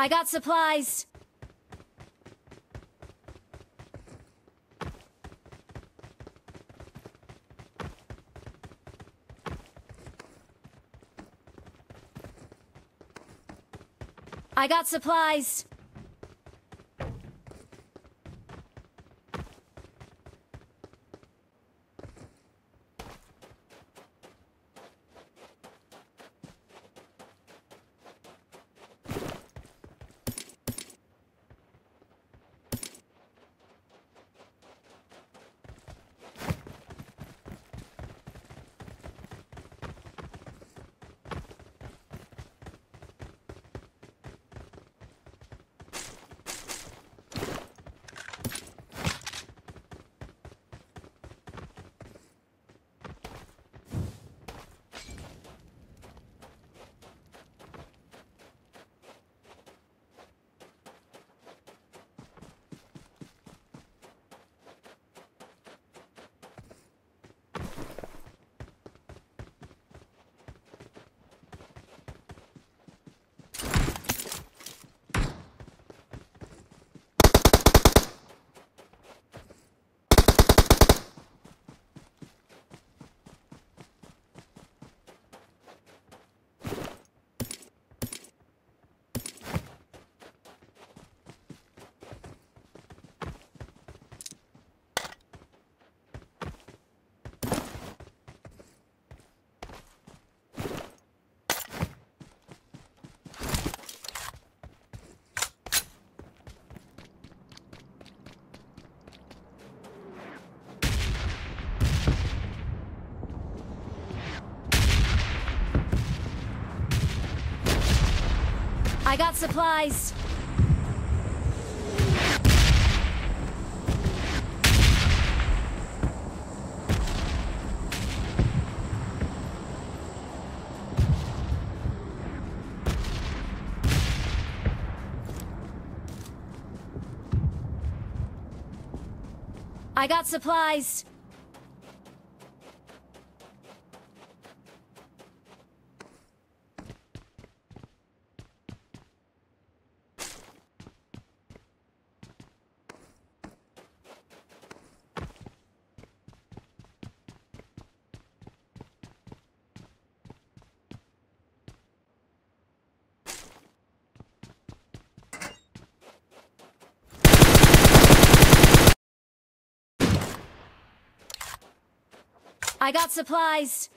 I got supplies. I got supplies. I got supplies. I got supplies. I got supplies.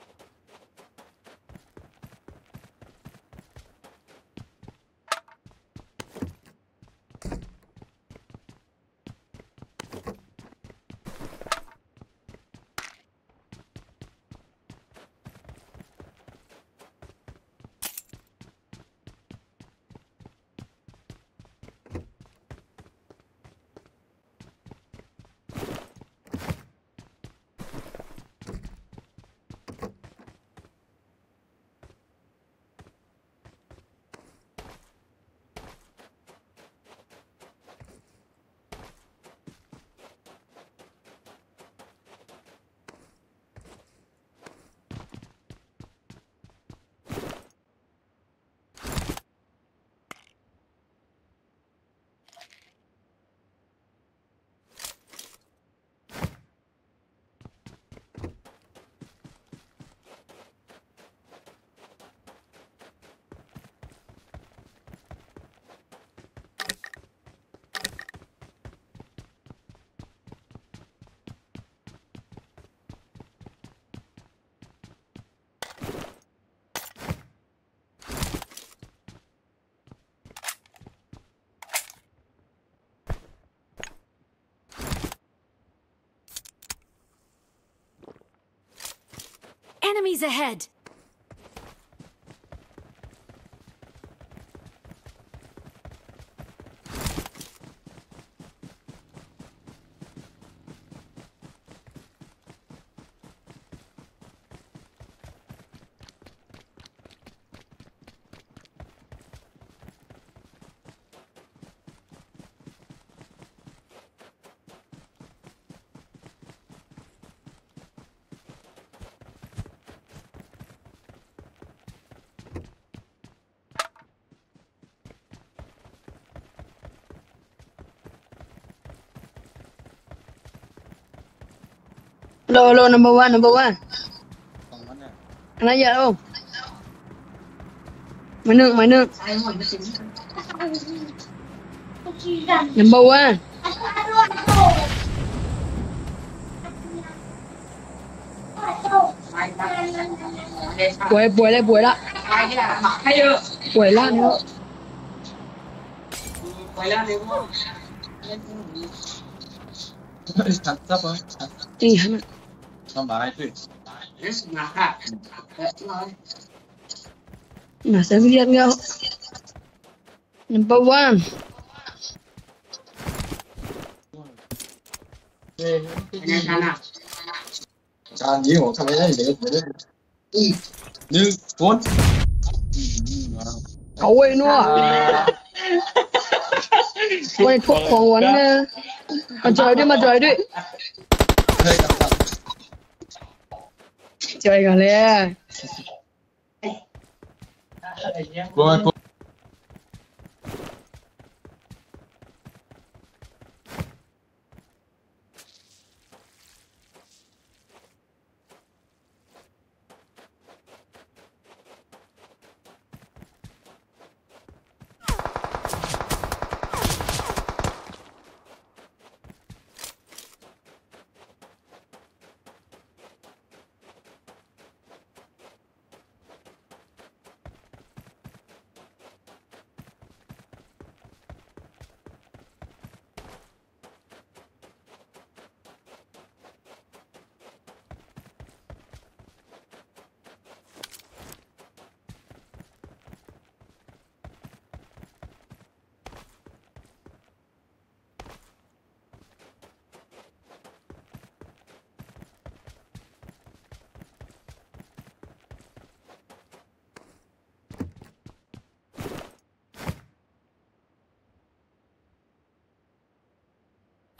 Enemies ahead! Lô, lô, number one, number one. Anh nói giờ không? Máy nước, máy nước. Number one. Buổi, buổi đây, buổi đó. Buổi lan nữa. Buổi là nữa. Sắp hả? Somebody fix. It's not. That's life. Nasa bigyan nga ako. Number one. Saan gì một thằng ấy để để ừ. như cuốn cậu ấy nữa quay thuốc hoàng quấn mà trời đi mà trời đi noite, oi, galera. Como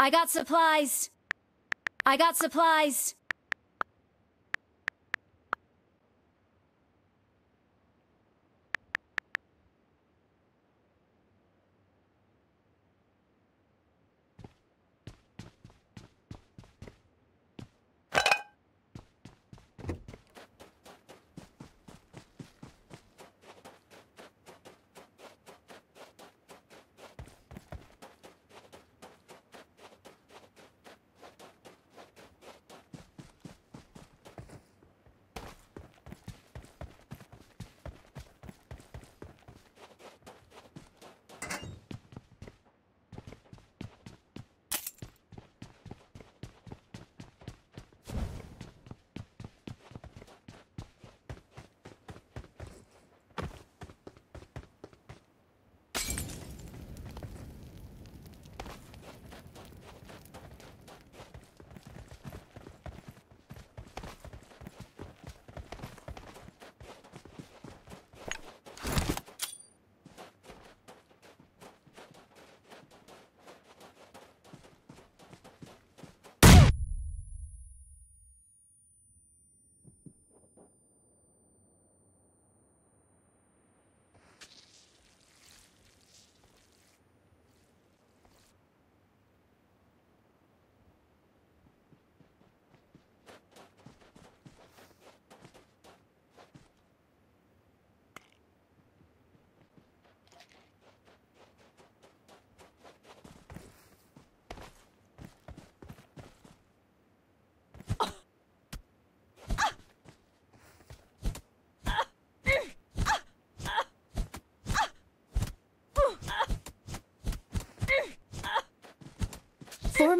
I got supplies. I got supplies.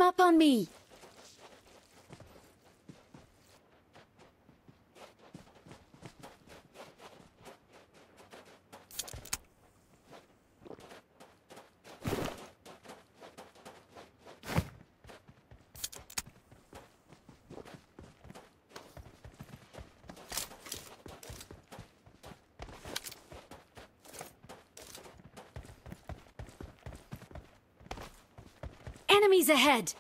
up on me! Enemies ahead!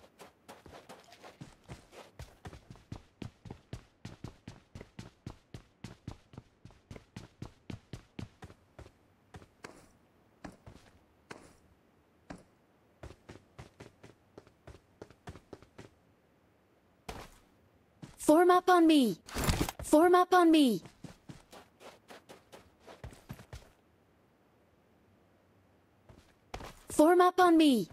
Form up on me! Form up on me! Form up on me!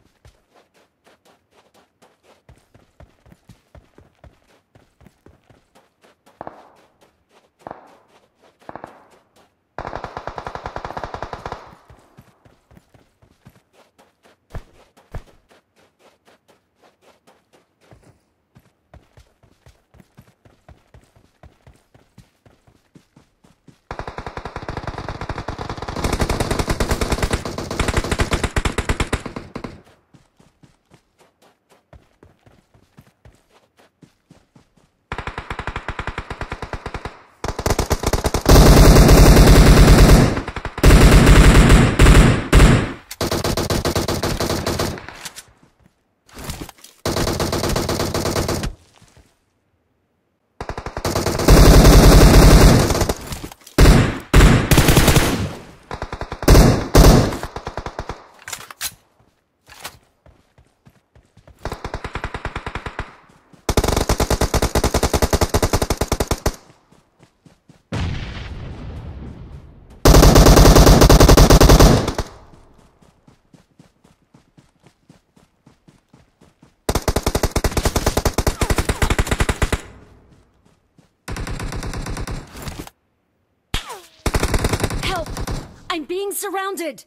being surrounded!